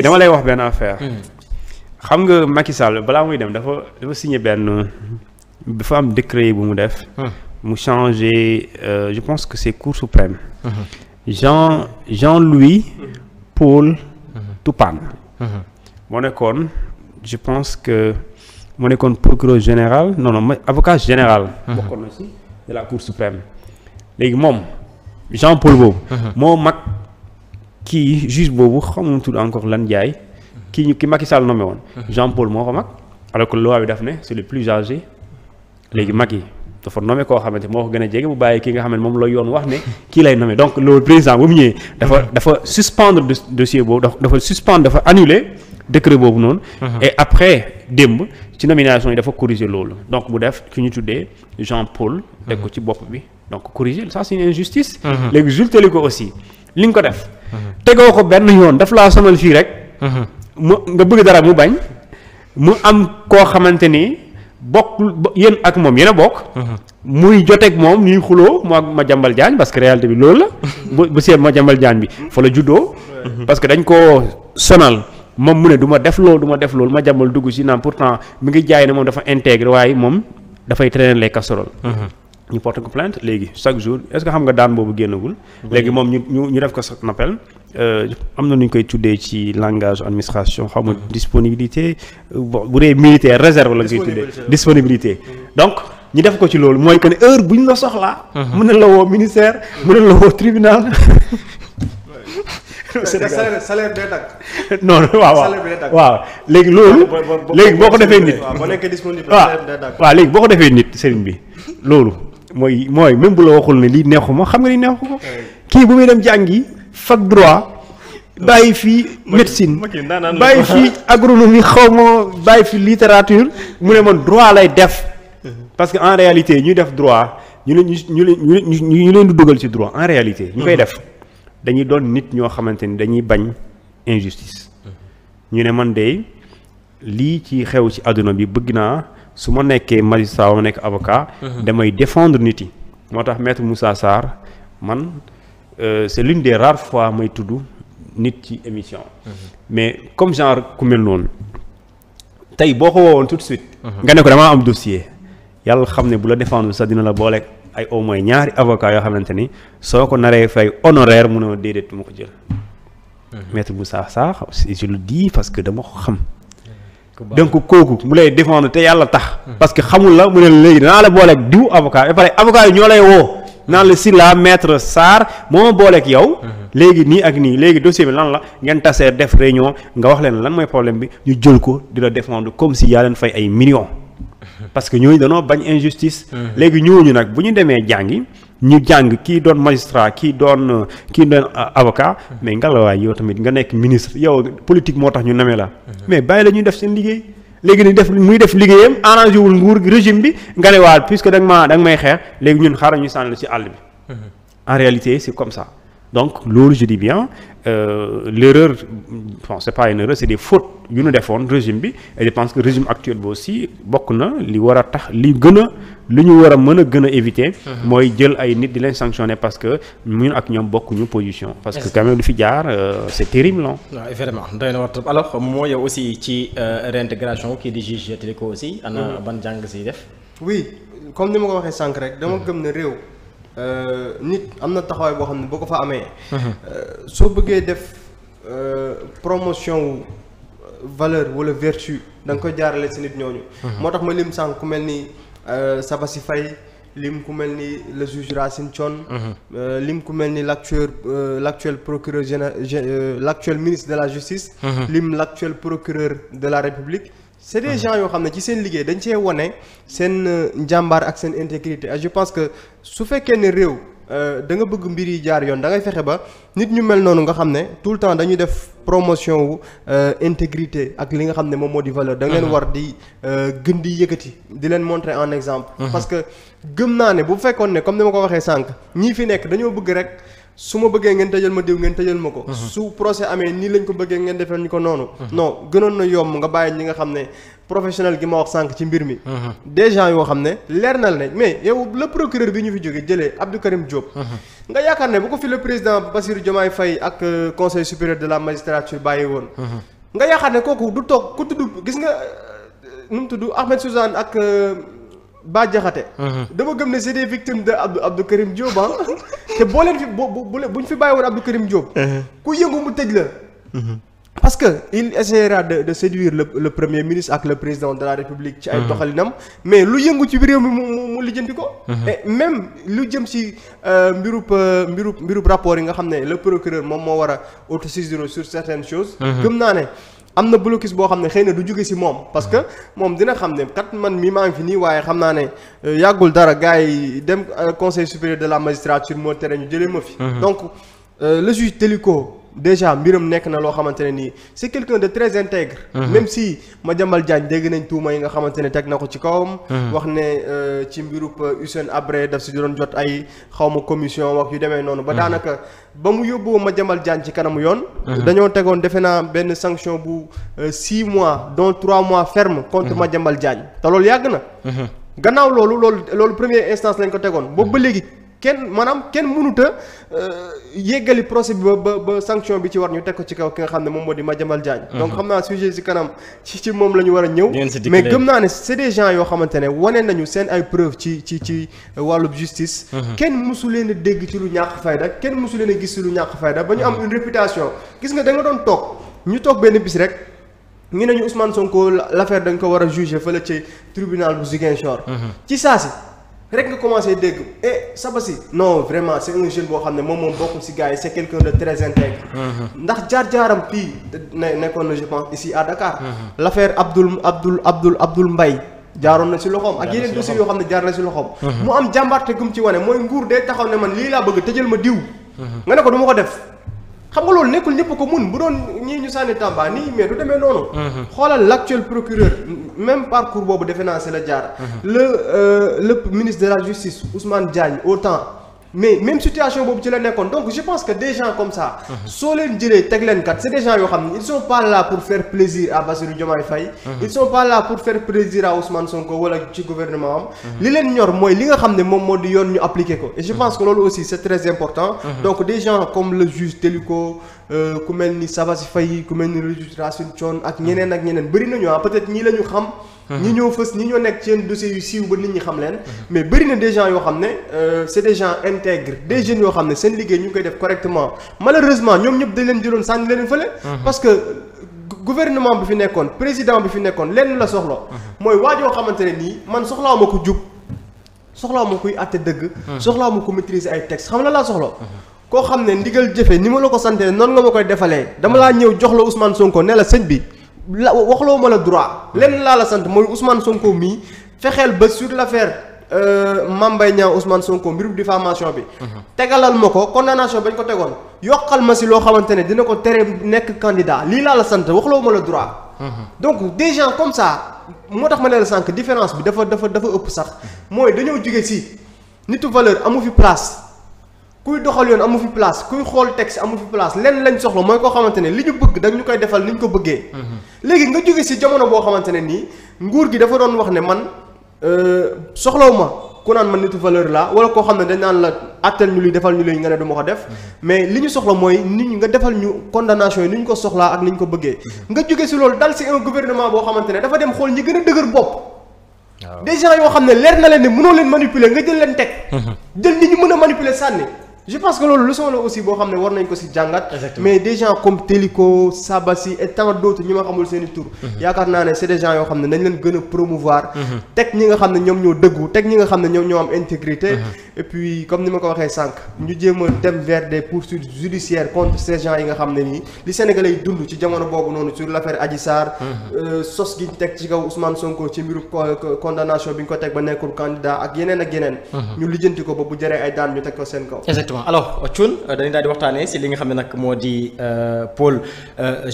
dama lay wax benn affaire. Hmm. xam nga Macky Sall balaa muy dem dafa dafa signé benn fa am décret bu mu def. Hmm. mu changé euh, je pense que c'est Cour suprême. Hmm. Jean Jean-Louis Paul Toupane. moo nekkoon je pense que moo nekkoon procureur général non non avocat général. bokkoon na ci de la Cour suprême léegi moom Jean Paul boobu. moo mag. kii juge boobu xamutul encore lan jaay mhm. kii ñu ki Macky Sall nommé woon. Mhm. Jean Paul moo ko mag alors que loi bi daf ne c'est le plus âgé léegi mhm. mag yi dafa nommé koo xamante moo ko gën a jege bu bàyyi ki nga xam ne moom la yoon wax ne kii lay nommé donc loolu président bu mu ñëwee. dafa dafa suspendre dossier boobu dafa suspendre dafa annuler décret boobu noonu. et après démb ci nomination yi dafa corriger loolu donc bu def ki ñu tuddee Jean Paul. teg ko ci bopp bi donc corriger ça c'est une injustice. li ko def. Mhm. tegoo ko benn yoon daf laa sonal fii rek. Mhm. mu nga bëgg dara mu bañ. mu am koo xamante ni bokk yéen ak moom yéen a bokk. Mhm. muy joteeg moom ñuy xuloo ma ma jàmbal jaañ parce que réalité bi loolu la. bu ma jàmbal jaan bi fa la juddoo. parce que dañ koo sonal. moom mu ne duma def loolu du ma def loolu ma jàmbal dugg si naam pourtant mi ngi jaay ne moom dafa intégré waaye moom dafay traîner les casseroles. ñu porte ko léegi chaque jour est-ce que xam nga daan boobu génnagul. léegi moom ñu ñu ñu def ko sa appel. am na nu ñu koy tuddee ci langage administration xaw ma disponibilité bon bu dee militaire réserve la. koy tuddee disponibilité. donc ñu def ko ci loolu mooy que ne heure bu ñu la soxlaa. mën na la woo ministère mën na la woo tribunal. salaire salaire day dagg. non waaw waaw waaw léegi loolu. léegi boo ko defee nit. waaw léegi boo ko defee nit sëriñ bi loolu. mooy mooy même bu la waxul ne lii neexu ma xam nga ni neexu ko kii bu muy dem jàngi fac droit bàyyi fi médecine bàyyi fi agronomie xaw ma bàyyi fi littérature mu ne man droit lay def parce que en réalité ñuy def droit ñu leen ñu leen ñu leen du dugal ci droit en réalité ñu koy mhm. def dañuy doon nit ñoo xamante ni dañuy bañ injustice mhm. ñu ne man de lii ci xew ci àdduna bi bëgg naa su ma nekkee magistrat ba ma nekk avocat. Mhm. damay défendre nit yi. moo tax maître Moussa Sarr man euh, c'est l'une des rares fois may tudd nit ci émission. Mhm. mais comme genre ku mel noonu tey boo ko woowoon tout de suite. Mhm. nga ne ko damaa am dossier. yàlla xam ne bu la défendre sax dina la booleeg ay au moins ñaari avocat yoo xamante ni soo ko naree fay honoraire munoo déedéet ma ko jël. maître Moussa Sarr parce que dama ko xam. donc kooku mu lay défendre te yàlla tax. parce que xamul la mu ne léegi danaa la booleek diw avocat ba pare avocat yi ñoo lay woo. naa la si la maître Sarr moo ma booleeg yow. léegi nii ak nii léegi dossier bi lan la ngeen tasee def réunion nga wax leen lan mooy problème bi ñu jël ko di la défendre comme si yaa leen fay ay millions. parce que ñooñu danoo bañ injustice. léegi ñooñu nag bu ñu demee jàngi. ñu jàng kii doon magistrat kii doon kii doon euh, avocat hmm. mais ngalawaay yow tamit nga nekk ministre yow politique moo tax ñu namee la hmm. mais bàyyi la ñuy def seen liggéey léegi ni def muy def liggéeyam arrangé nguur régime bi nga ne waa puisque da nga maa da may xeex léegi ñun xaaral ñu sànni la ci àll bi hmm. en réalité c'est comme ça donc loolu je dis bien euh, l'erreur bon c'est pas une erreur c'est des fautes yu nu defoon régime bi et je pense que régime actuel bi aussi bokk na li war a tax li gën a li ñu war a mën a gën a éviter mhm. mooy jël ay nit di leen sanctionner parce que ñun ak ñoom bokkuñu position parce que quand même du fi jaar euh, c'est terrible non waaw vraiment doy na war trop alors moo yow aussi ci euh, réintégration kii di juge ko aussi ana mhm. ban jàng si def oui comme ni ma mhm. réew Euh, nit am na taxawaay boo xam ne boo ko fa amee. Mhm. Euh, soo bëggee def euh, promotion wu valeur wala vertu da nga koy jaarale si nit ñooñu. Mhm. moo tax ma lim sànq ku mel ni Sabasy Faye lim ku mel ni le juge Racine Thion. Mhm. lim ku mel ni l' actuel l' actuel procureur général l' actuel ministre de la justice. lim l' actuel procureur de la république. c'est des gens yoo xam ne ci seen liggéey dañ cee wone seen euh, njàmbaar ak seen intégrité et je pense que su fekkee ne réew euh, da nga bëgg mbir yi jaar yoon da ngay fexe ba nit ñu mel noonu nga xam ne tout le temps dañuy def promotion wu euh, intégrité ak li nga xam ne moom moo di valeur da ngeen war di gën di yëkkati di leen montrer en exemple parce que gëm naa ne bu fekkoon ne comme ni ma ko waxee sànq ñii fi nekk dañoo bëgg rek su ma bëggee ngeen tëjal ma diw ngeen tëjal ma ko. Mhm. su procès amee nii lañ ko bëggee ngeen defee ñu ko noonu. Mhm. non gënoon na yomb nga bàyyi ñi nga xam ne professionnel gi ma wax sànq ci mbir mi. Mhm. des gens yoo xam ne leer na la ne mais yow le procureur bi ñu fi jógee jëlee Abdou Karim nga yaakaar ne bu ko fi le président Bassirou Diomaye Faye ak euh, conseil supérieur de la magistrature bàyyi woon. nga yaakaar ne kooku du toog ku tudd gis nga euh, nu mu tudd Ahmed Bah Diakhaté. Mhm. dama gëm ne c'est des victimes de Abdou Abdou Karim Diop ah. te boo leen fi bu bu ñu fi bàyyi woon Abdou Karim Diop. Mhm. ku yëngu mu tëj la. Mhm. parce que il essaiera de de séduire le le premier ministre ak le président de la république. ci ay doxalinam mais lu yëngu ci réew mi mu mu mu lijjanti ko. et même lu jëm si euh, mbirub euh, mbirub mbirub rapport yi nga xam ne le procureur moom moo war a autosaisir sur certaines choses. gëm naa ne. am na blocus boo xam ne xëy na du jóge ci moom parce que moom dina xam ne kat man mi maa ngi fi nii waaye xam naa ne euh, yàggul dara gars yi dem euh, conseil supérieur de la magistrature moo tere ñu jëlee ma fi mhm. donc Euh, le juge Téliko déjà mbiram nekk na loo xamante ne nii c'est quelqu'un de très intègre mhm. même si ma jambal Diagne dégg nañ tuuma yi nga xamante ne teg na ko ci kawam mhm. wax ne euh, ci mbirub Hissène euh, Habré daf si doon jot ay xawma commission wax yu demee noonu ba mhm. daanaka ba mu ma Madiambal Diagne ci kanamu yoon dañoo tegoon defe naa benn sanction bu six mois dont trois mois ferme contre jambal Diagne te loolu yàgg na gannaaw loolu loolu loolu première instance lañ ko tegoon boobu ba léegi kenn maanaam kenn mënut a euh, yéggali procès bi ba ba ba sanction bi ci war ñu teg ko ci kaw ki nga xam ne moom moo di ma Madiambal Diagne. Mhm. donc xam naa sujet si kanam ci moom la ñu war a ñëw. mais gëm naa ne c'est des gens yoo xamante ne wane nañu seen ay preuve ci ci ci wàllub justice. Mhm. kenn mësu leen a dégg ci lu ñàkk fayda kenn mësu leen a gis ci lu ñàkk fayda ba ñu am mhm. une réputation gis nga da nga doon toog ñu toog benn bis rek. ngi ne ñu Ousmane Sonko l'affaire dañ ko war a juger fële ci tribunal bu Ziguinchor. ci saa rek nga commencé dégg eh, saba si non vraiment c' est boo xam ne moom moom bokkul si gars yi c' est de très intègre mm-hmm. ndax jaar-jaaram fii ne nekkoon na je pense ici à Dakar mm-hmm. l' affaire Abdoul Abdoul Abdoul Abdoul Mbaye jaaroon na si loxoom ak yeneen dossiers yoo xam ne jaar na si loxoom mm-hmm. mu am jàmbarte gum ci wane mooy nguur day taxaw ne man lii laa bëgg jël ma diw nga ne ko du ma ko def xam nga loolu nekkul ñëpp ko mun bu doon ñii ñu sànni Tamba nii mais du demee noonu. Mhm. xoolal l' actuel procureur même parcours boobu defe naa si la jaar. Mhm. la euh, le ministre de la justice Ousmane Diagne autant mais même situation boobu ci la nekkoon donc je pense que des gens comme ça. soo leen jëlee teg leen kat c' des gens yoo xam ne ils sont pas là pour faire plaisir à Bassirou Diomaye Faye. Mhm. ils sont pas pour faire plaisir à Ousmane Sonko wala ci gouvernement am. Mhm. li leen ñor mooy li nga xam ne moom moo di yoon ñu appliquer ko. et je mhm. pense que loolu aussi c' est très important. donc des gens comme le juge Téliko euh, ku mel ni Sabassi Faye ku mel ni le ak ñeneen ak ñeneen bëri nañu ah être ñii la ñu xam. ñi mhm. ñoo fës ñi ñoo nekk ci yenn dossiers yu siiw ba nit ñi xam leen. mais barina na des gens yoo xam ne euh, c' est des gens intègres des mhm. jeunes yoo xam ne seen liggéey ñu ngi koy def correctement malheureusement ñoom ñëpp dañ leen jëloon sànni leen fële. Mhm. parce que gouvernement bi fi nekkoon président bi fi nekkoon lenn la soxla. mooy waajoo xamante ne nii man soxlaa ma ko jub soxlaa ma kuy àtte dëgg. soxlaa ma ko maîtriser ay textes xam na laa soxla. koo xam ne ndigal jëfe ni ma la ko sante noonu nga ma koy defalee dama laa ñëw jox la Ousmane Sonko ne la sëñ bi la waxloo ma la droit lenn laa la sant mooy usman Sonko mii fexeel ba sur l'affaire euh, Mame Mbaye Niang Ousmane Sonko mbirum diffamation bi. Mhm. tegalal ma ko condamnation bañ ko tegoon yokkal ma si loo xamante ne dina ko tere nekk candidat lii laa la sant waxloo ma la droit. Mhm. donc des gens comme ça moo tax ma ne la différence bi dafa dafa dafa ëpp sax mooy dañoo jóge si nitu valeur amu fi place doxal yoon amu fi kuy xool texte amu fi place lenn lañ soxla mooy koo xamante ne li bëgg dañ ñu koy defal ni ñu ko bëggee. Mhm. léegi nga jóge si jamono boo xamante ne nii nguur gi dafa doon wax ne man euh, soxlaw ma ku naan man nitu valeur laa wala koo xam ne dañ naan la attel ñu luy defal ñu luy nga ne du ma ko def mm-hmm. mais li ñu soxla mooy nit ñu nga defal ñu condamnation yi ni ñu ko soxlaa ak ni ñu ko bëggee mm-hmm. nga jóge si loolu dal si un gouvernement boo xamante ne dafa dem xool ñi gën a dëgër bopp des gens yoo xam ne leer na leen ne mënoo leen manipuler nga jël leen teg mm-hmm. jël nit ñu mën a manipuler sànni je pense que loolu leçon la aussi boo xam ne war nañ ko ci jàngat. mais des gens comme Téliko Sabassi et tant d'autres ñi ma xamul seen i tur. Mhm. yaakaar naa ne c'est des gens yoo xam ne nañ leen gën a promouvoir. Mhm. teg ñi nga xam ne ñoom ñoo dëggu teg ñi nga xam ne ñoom ñoo am intégrité. Mhm. et comme ni ma ko waxee sànq ñu jéem a dem vers des poursuites judiciaires contre ces gens yi nga xam ne nii li Sénégalais yi dund ci jamono boobu noonu sur l'affaire Adji Sarr. Euh, sos gi ñu ci kaw Ousmane Sonko ci mbiru condamnation bi ñu ko teg ba nekkul candidat ak yeneen ak yeneen. ñu lijjanti ko ba bu jëree ay ñu teg ko seen kaw. exactement alors Thioune euh, dañu daal di waxtaanee si li nga xam ne nag moo di euh, pôle. Euh,